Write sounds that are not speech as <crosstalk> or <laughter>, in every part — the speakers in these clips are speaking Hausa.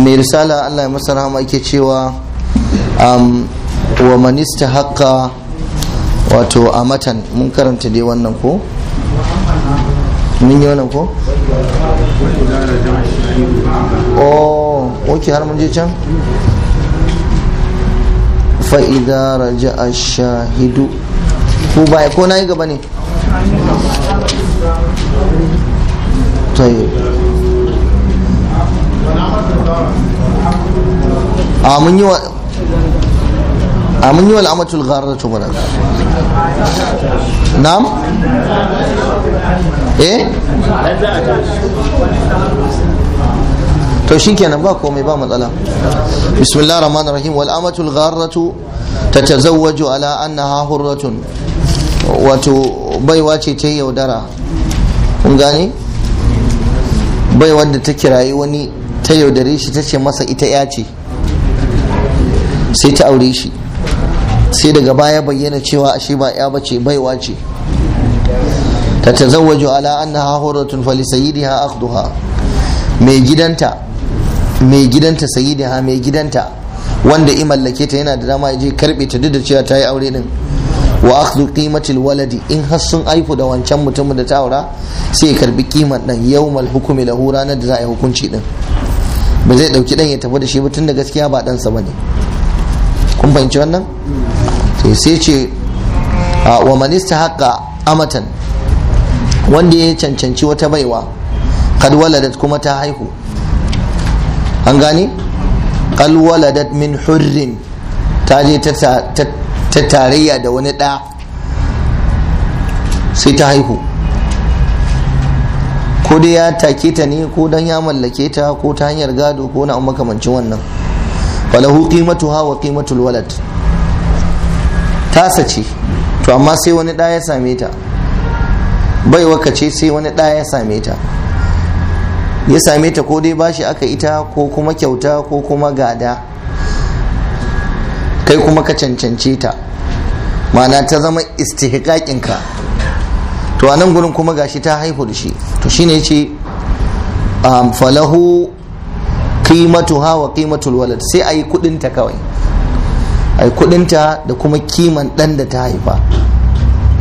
mai risala Allah ya masa rahama yake cewa um, wa manista haka wato a matan mun karanta dai wannan ko mun yi wannan ko oh ok har mun je can fa'iza raja a shahidu ku baya ko na yi gaba ne a ah, mun yi wa a ah, mun yi wa al'amatul gharar to mana kenan eh to ba komai ba matsala bismillah rahman rahim wal amatul gharratu tatazawwaju ala annaha hurratun wato baiwa ce ta yaudara kun gane baiwar da ta kirayi wani ta yaudare shi ta ce masa ita ya ce sai ta aure shi sai daga baya bayyana cewa ashe ba ya bace baiwa ce ta tazawwaju ala annaha huratun fali sayyidiha akhduha mai gidanta mai gidanta sayyidiha mai gidanta wanda i mallake ta yana da dama ya je karbe ta duk da cewa ta yi aure din wa akhdhu qimatil waladi in har sun aifu da wancan mutumin da ta aura sai ya karbi kiman dan yawmal hukumi lahu ranar da za a yi hukunci din ba zai dauki dan ya tafi da shi ba tun da gaskiya ba dansa ba ne. kun fahimci wannan to sai ce wa manista haka amatan wanda ya cancanci wata baiwa kad waladat kuma ta haihu an gane kal waladat min hurrin ta je ta tarayya da wani ɗa sai ta haihu ko dai ya take ta ne ko dan ya mallake ta ko ta hanyar gado ko na makamancin wannan falahu qimatuha wa qimatul walad tasa ce to amma sai wani ɗaya ya same ta bai waka ce sai wani ɗaya ya same ta ya same ta ko dai bashi aka ita ko kuma kyauta ko kuma gada kai kuma ka cancance ta ma'ana ta zama istihqaqinka to a nan gurin kuma gashi ta haihu da shi to shine yace um, falahu kimatu hawa qimatul walad sai ayi kudin ta kawai ayi kudin ta da kuma kiman dan da ta haifa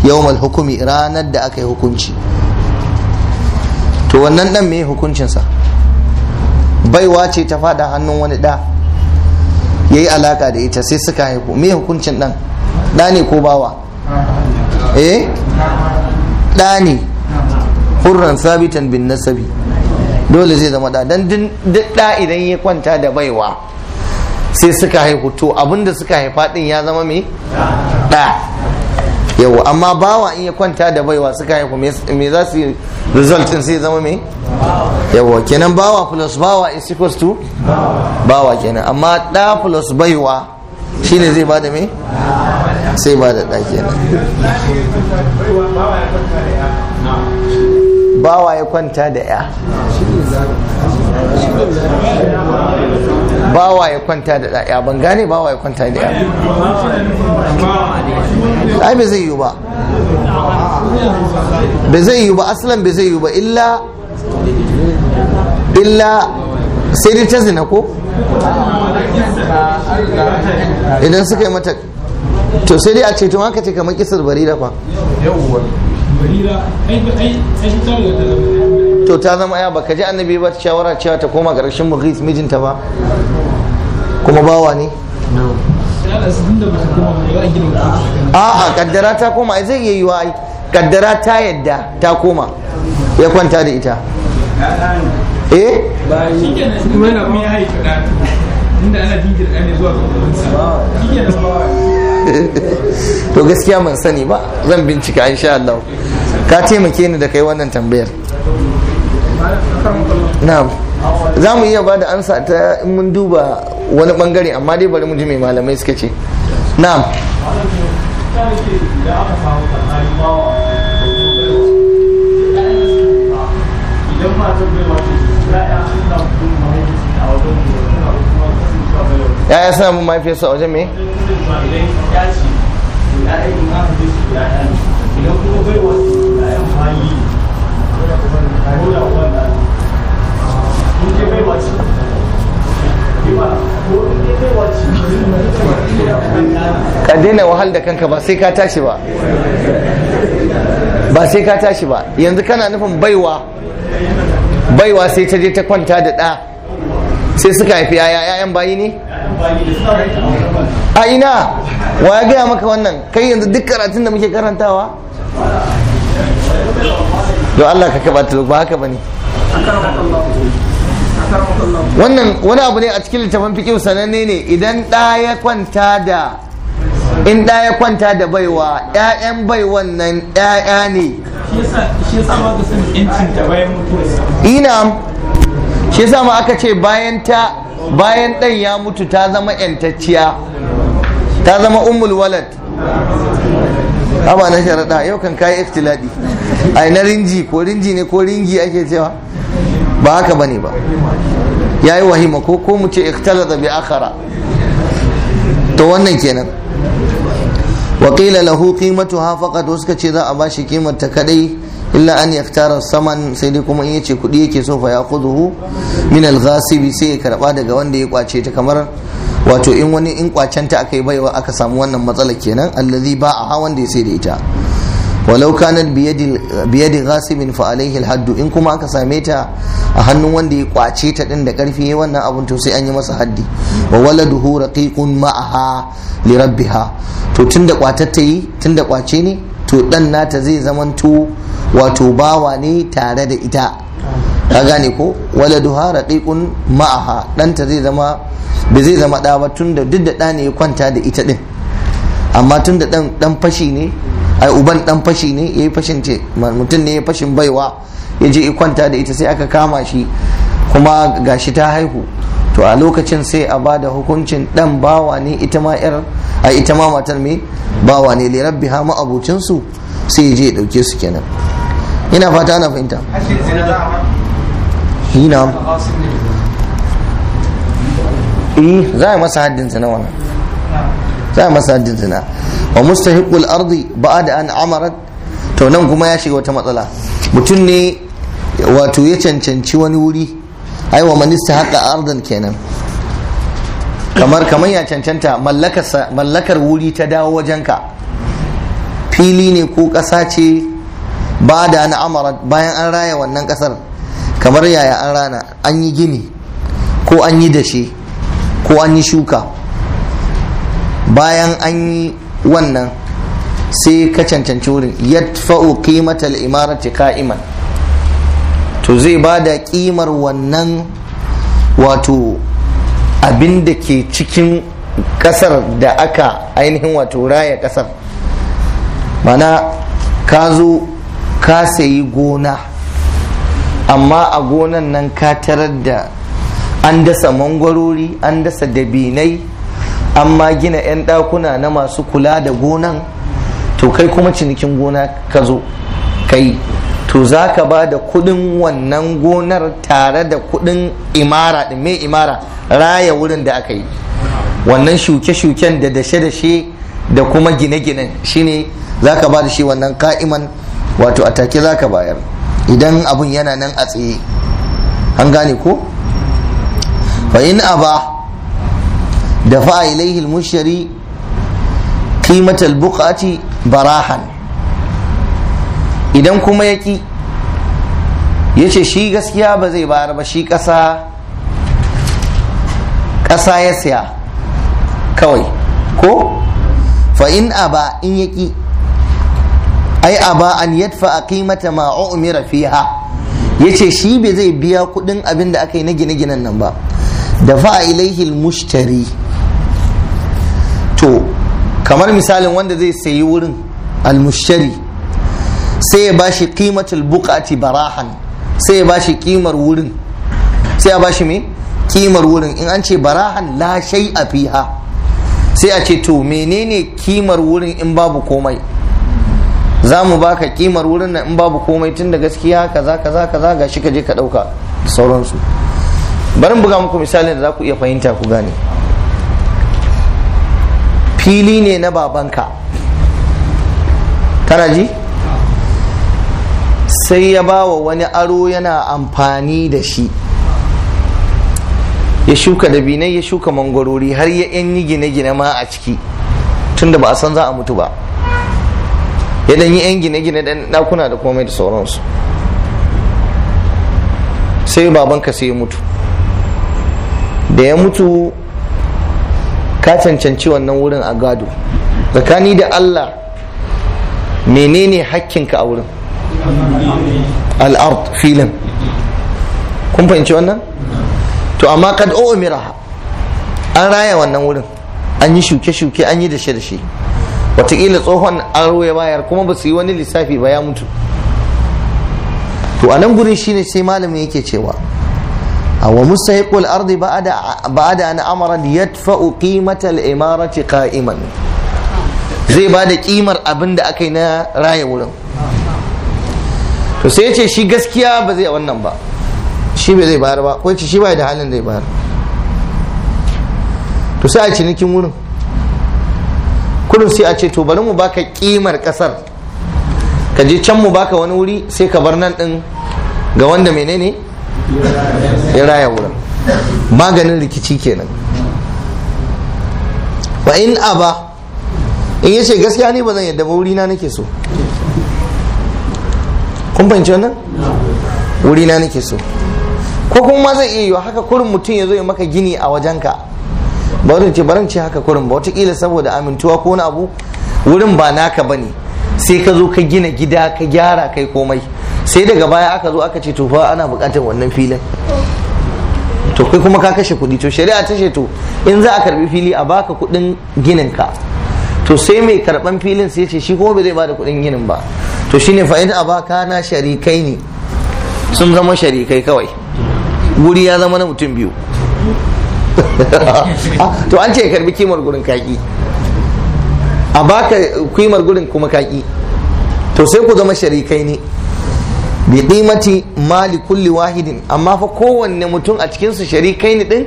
yawmal hukumi ranar da aka yi hukunci to wannan dan me hukuncinsa baiwa ce ta fada hannun wani da yayi alaka da ita sai suka haifu me hukuncin dan da ne ko bawa eh da ne hurran sabitan bin nasabi dole zai zama da dan duk da idan ya kwanta da baiwa sai suka haihu to abinda suka haifa din ya zama me da yawa amma bawa in ya kwanta da baiwa suka haihu me za su yi result din sai zama me yawa kenan bawa plus bawa is equals to bawa kenan amma da plus baiwa shine zai bada me sai ba da ɗaki ba bawa ya kwanta da ya bawa ya kwanta da ɗaya ban gane bawa ya kwanta da ya ai ba zai yi ba ba zai yi ba asalin ba zai yi ba illa illa sai dai ta zina ko idan suka yi mata to sai dai a ce tun haka ce kamar kisar barira fa to ta zama ya baka ji annabi ba ta shawara cewa ta koma ƙarshen mughis mijinta ba kuma bawa ne a'a kaddara ta koma ai zai iya yiwa ai kaddara ta yadda ta koma ya kwanta da ita eh shi inda ana zuwa to gaskiya ban sani ba zan bincika insha Allah ka taimake ni da kai wannan tambayar na'am za mu iya ba da ansa ta in mun duba wani bangare amma dai bari mu ji mai malamai suka ce na'am ya'ya suna mun mafi a wajen me ka daina wahal da kanka ba sai ka tashi ba ba sai ka tashi ba yanzu kana nufin baiwa baiwa sai ta je ta kwanta da ɗa sai suka haifi yaya yayan bayi ne a ina wa ya gaya maka wannan kai yanzu duk karatun da muke karantawa don Allah ka kaba ba haka bane wannan wani abu ne a cikin littafin fikin sananne ne idan ɗa ya kwanta da in ɗa ya kwanta da baiwa ɗa'yan baiwan nan ɗa'ya ne ina shi yasa ma aka ce bayan ta bayan ɗan ya mutu ta zama ‘yantacciya ta zama umul walad amma na sharaɗa yau kan kayi iftiladi a na rinji ko rinji ne ko ringi ake cewa ba haka bane ba ya yi wahima ko ko mu ce ikhtalata bi akhara to wannan kenan wakila lahu lahu qimatuha faqat wasu ce za a bashi kimar ta kadai illa an yaftara saman sai dai kuma in yace kuɗi yake so fa ya kuzuhu min al sai ya karba daga wanda ya kwace ta kamar wato in wani in kwacen ta aka baiwa aka samu wannan matsala kenan allazi ba hawan hawan ya sai da ita walau kanat biyadi ghasibin fa alaihi alhaddu in kuma aka same ta a hannun wanda ya kwace ta din da karfi yayin wannan abun to sai an yi masa haddi wa waladuhu raqiqun ma'aha li rabbiha to tunda kwatatta yi tunda kwace ne to dan nata zai zamanto wato bawa ne tare da ita ka gane ko wala duhara raqiqun ma'aha danta zai zama bai zai zama da ba tun da duk da ne ya kwanta da ita din amma tun da ɗan fashi ne ai uban ɗan fashi ne ya fashin ce mutum ne ya fashin baiwa yaje ya kwanta da ita sai aka kama shi kuma gashi ta haihu to a lokacin sai a bada hukuncin dan bawa ne ita ma yar ai ita ma matar me bawa ne li rabbiha ma abucin su sai je ya dauke su kenan ina fata ana fahimta za a masa haddin zina wannan za a masa haddin zina wa mustahiqul ardi ba'da an amarat to nan kuma ya shiga wata matsala mutum ne wato ya cancanci wani wuri ai wa manista haka ardan kenan kamar kamar ya cancanta mallakar wuri ta dawo wajenka fili ne ko ƙasa ce ba da na amara bayan an raya wannan kasar kamar yaya an rana an yi gini ko an yi dashe ko an yi shuka bayan an yi wannan sai ka cancanci wurin yadfa'u qimatal imarati ka'iman to zai ba da kimar wannan wato abin da ke cikin kasar da aka ainihin wato raya kasar mana ka zo ka sayi gona amma a gonan nan ka tarar da an dasa mangwarori an dasa dabinai amma gina 'yan ɗakuna na masu kula da gonan to kai kuma cinikin gona ka zo kai to za ka ba da kudin wannan gonar tare da kudin imara mai imara raya wurin da aka yi wannan shuke-shuken da dashe-dashe da kuma gine-ginen shine za ka ba da shi wannan ka'iman wato a take za ka bayar idan abun yana nan a tsaye an gane ko fa in ba da fa'a ilaihi mushari qimatal bukati barahan idan kuma yaki ce shi gaskiya ba zai bayar ba shi ƙasa ƙasa ya siya kawai ko fa in aba in yaki ai ba an yadfa a kimata ma umira fiha ce shi bai zai biya kudin abin da aka yi na gine-ginen nan ba da fa'a ilaihi mushtari to kamar misalin wanda zai sayi wurin almushtari sai ya bashi kimatul bukati barahan sai ya bashi kimar wurin sai ya bashi me kimar wurin in an ce barahan la shay'a fiha sai a ce to menene kimar wurin in babu komai za mu baka kimar wurin nan in babu komai tun da gaskiya kaza kaza kaza ga shi ka je ka dauka da sauransu bari buga muku misalin da za ku iya fahimta ku gane fili ne na babanka kana ji sai ya bawa wani aro yana amfani da shi ya shuka dabinai ya shuka mangwarori har ya yi gine-gine ma a ciki tunda ba a san za a mutu ba ya dan yi 'yan gine-gine dan dakuna da komai da sauransu sai babanka sai ya mutu da ya mutu ka cancanci wannan wurin a gado tsakani da Allah menene hakkinka a wurin al'ard filin kun fahimci wannan to amma kad o'omiraha an raya wannan wurin an yi shuke-shuke an yi dashe-dashe wataƙila tsohon aro ya bayar kuma ba su yi wani lissafi ba ya mutu to a nan gurin shine sai malamin yake cewa wa mustahiqul ardi ba'da ba'da an amara yadfa'u qimatal imarati qa'iman zai ba da kimar abin da aka yi na raya wurin to sai ce shi gaskiya ba zai wannan ba shi bai zai bayar ba ko shi bai da halin zai bayar to sai a cinikin wurin Kudin sai a ce to bari mu baka kimar kasar ka je can mu baka wani wuri sai ka bar nan din ga wanda menene ya raya wurin maganin rikici kenan wa in aba in yace gaskiya ne ba zan yadda ba wuri na nake so kun fahimci wannan wuri na nake so ko kuma ma zai iya haka kurin mutum ya zo ya maka gini a wajenka ba ce barin ce haka kurin ba watakila saboda amintuwa ko wani abu wurin ba naka bane sai ka zo ka gina gida ka gyara kai komai sai daga baya aka zo aka ce to ana bukatar wannan filin to kai kuma ka kashe kuɗi to shari'a ta ce in za a karbi fili a baka kuɗin ginin ka to sai mai karban filin sai ce shi kuma bai zai bada kuɗin ginin ba to shine fa in baka na sharikai ne sun zama sharikai kawai guri ya zama na mutum biyu <laughs> Ah, to an ce karbi kimar gurin kaki a baka kimar gurin kuma kaki to sai ku zama sharikai ne bi qimati mali kulli wahidin amma fa kowanne mutum a cikin su sharikai ne din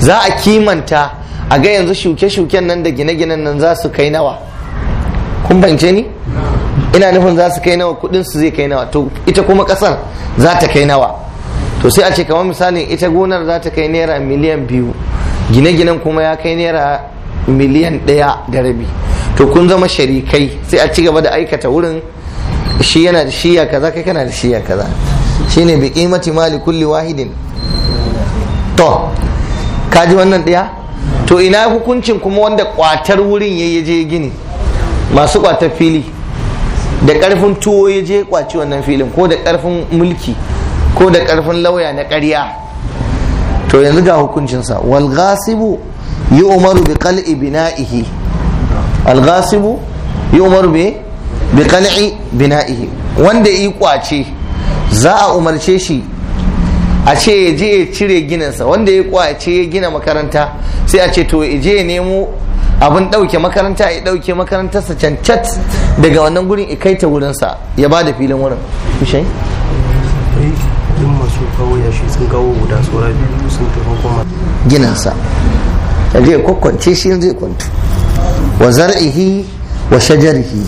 za a kimanta a ga yanzu shuke-shuken nan da gine-ginen nan za su kai nawa kun bance ni ina nufin za su kai nawa kudin su zai kai nawa to ita kuma kasar za ta kai nawa to sai a ce kamar misalin ita gonar za ta kai naira miliyan biyu gine-ginen kuma ya kai naira miliyan ɗaya da rabi to kun zama sharikai sai a ci gaba da aikata wurin shi yana da shiya kaza kai kana da shiya kaza ne bi qimati mali kulli wahidin to kaji wannan ɗaya to ina hukuncin kuma wanda kwatar wurin ya je gini masu kwatar fili da ƙarfin tuwo ya je kwaci wannan filin ko da karfin mulki ko da karfin lauya na ƙarya to yanzu ga hukuncinsa walgasibu yi umaru bi bina bina'ihi Walgasibu yi umaru bi kal'i bina bina'ihi wanda yi kwace za a umarce shi a ce ya je ya cire ginansa wanda ya kwace ya gina makaranta sai a ce to ya je ya nemo abin ɗauke makaranta ya ɗauke makarantarsa cancat daga wannan gurin ya kai ta wurinsa ya ba da filin wurin sun kawo yashi sun kawo guda tsora biyu sun tafi ginansa zai kwakwance shi zai wa zar'ihi wa shajarihi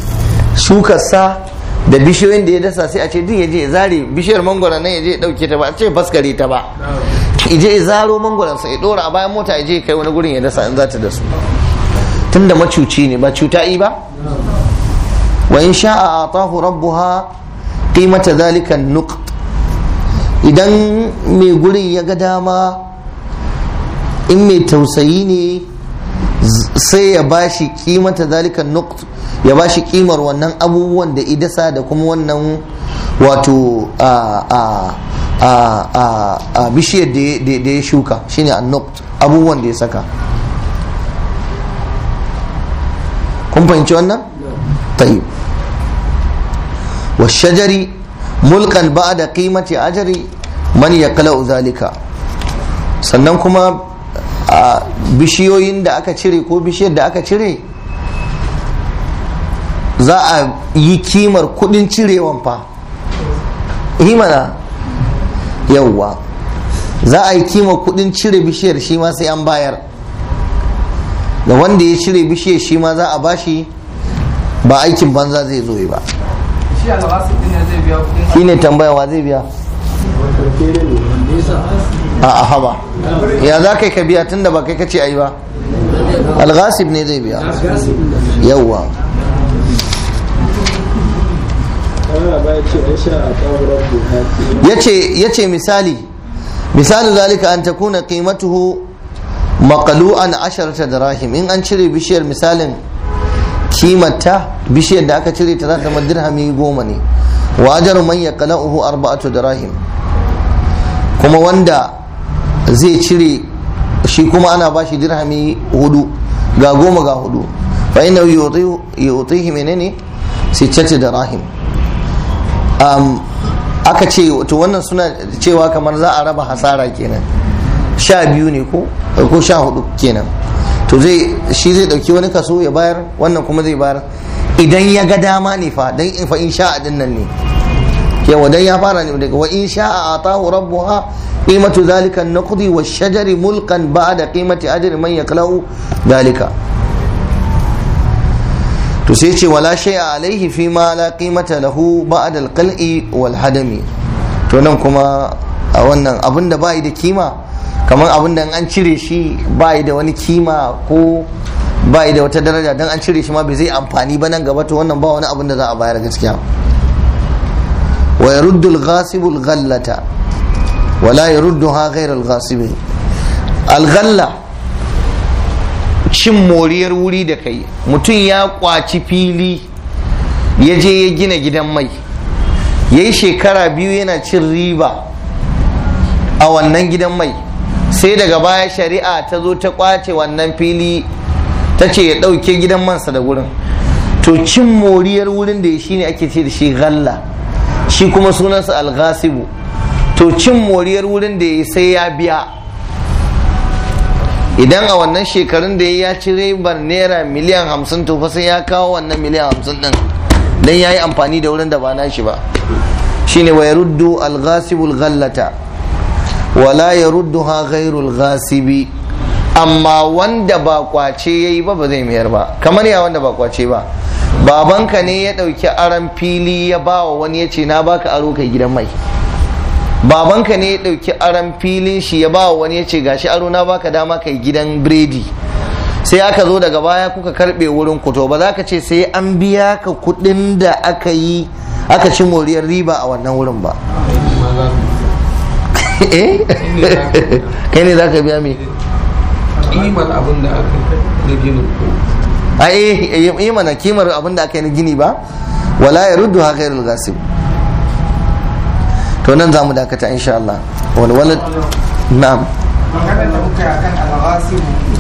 da bishiyoyin da ya dasa sai a ce duk ya je zare bishiyar mangwara nan ya je dauke ta ba a ce faskare ta ba ije ya zaro mangwaron sa ya dora a bayan mota ya je kai wani gurin ya dasa in za ta dasu tunda macuci ne ba cuta yi ba wa in sha'a atahu rabbuha qimata zalika nuq idan mai gurin ya ga dama in mai tausayi ne sai ya ba shi kimata zalika nukt ya ba shi kimar wannan abubuwan da idasa da kuma wannan wato a bishiyar da ya shuka shine an nukt abubuwan da ya saka kun fahimci wannan? tayyib wa shajari mulkan ba da kimace ajari man ya kala zalika sannan kuma a bishiyoyin da aka cire ko bishiyar da aka cire za a yi kimar kudin cirewan fa himana yauwa za a yi kimar kudin cire bishiyar shi ma sai an bayar da wanda ya cire bishiyar shi ma za a bashi ba aikin banza zai zo ba shi ne tambaya wa zai biya a ahaba ya za kai ka biya tunda ba kai ce ayi ba al-ghasib ne zai biya yawwa ya ce misali misali zalika an takuna qimatuhu maqlu'an da dirahim in an cire bishiyar misalin kimarta bishiyar da aka cire ta zata ta zama dirhami goma ne wa ajaru man yaqna'uhu arba'atu dirahim kuma wanda zai cire shi kuma ana ba shi dirhami hudu ga goma ga hudu fa inna ne sai sittati dirahim rahim, aka ce to wannan suna cewa kamar za a raba hasara kenan sha biyu ne ko sha hudu kenan to zai shi zai dauki wani kaso ya bayar wannan kuma zai bayar idan ya ga dama ne fa dan in fa insha nan ne yawa dan ya fara ne daga wa insha atahu rabbuha qimatu zalika an-naqdi wa shajari mulkan ba'da qimati ajri man yaklahu zalika to sai ce wala shay'a alaihi fi ma la qimata lahu ba'da al-qal'i wal hadami to nan kuma a wannan abin da bayi da kima kamar abin da an cire shi bayi da wani kima ko bayi da wata daraja don an cire shi ma bai zai amfani ba nan gaba to wannan ba wani abin da za a bayar gaskiya wa yaruddu al-ghasibu al-ghallata wa la yarudduha ghayra al-ghasibi al-ghalla cin moriyar wuri da kai mutum ya kwaci fili ya je ya gina gidan mai ya yi shekara biyu yana cin riba a wannan gidan mai sai daga baya shari'a ta zo ta kwace wannan fili ta ce ya ɗauke gidan mansa da wurin to cin moriyar wurin da ya shi ne ake ce da shi galla shi kuma sunansa alghasibu to cin moriyar wurin da ya sai ya biya idan a wannan shekarun da ya ci ribar naira miliyan hamsin to ya kawo wannan miliyan hamsin din dan ya yi amfani da wurin da ba na shi ba shine wa yaruddu alghasibul ghallata wala ya rudduha ghairul ghasibi amma wanda ba kwace yayi ba ba zai mayar ba kamar ya wanda ba kwace ba babanka ne ya ɗauki aran fili ya ba wa wani ya ce na baka aro kai gidan mai babanka ne ya ɗauki aran filin shi ya ba wa wani ya ce gashi aro na baka dama kai gidan biredi sai aka zo daga baya kuka karɓe wurin ku kuto ba za ka ce sai an biya ka kuɗin da aka yi aka ci moriyar riba a wannan wurin ba <laughs> eh kai ne za ka biya mai kimar abin da aka na gini a eh, eh, eh, mana kimar abin da aka yi na gini ba wala ya ruddu haka yi gasib to nan za mu dakata insha Allah wani na'am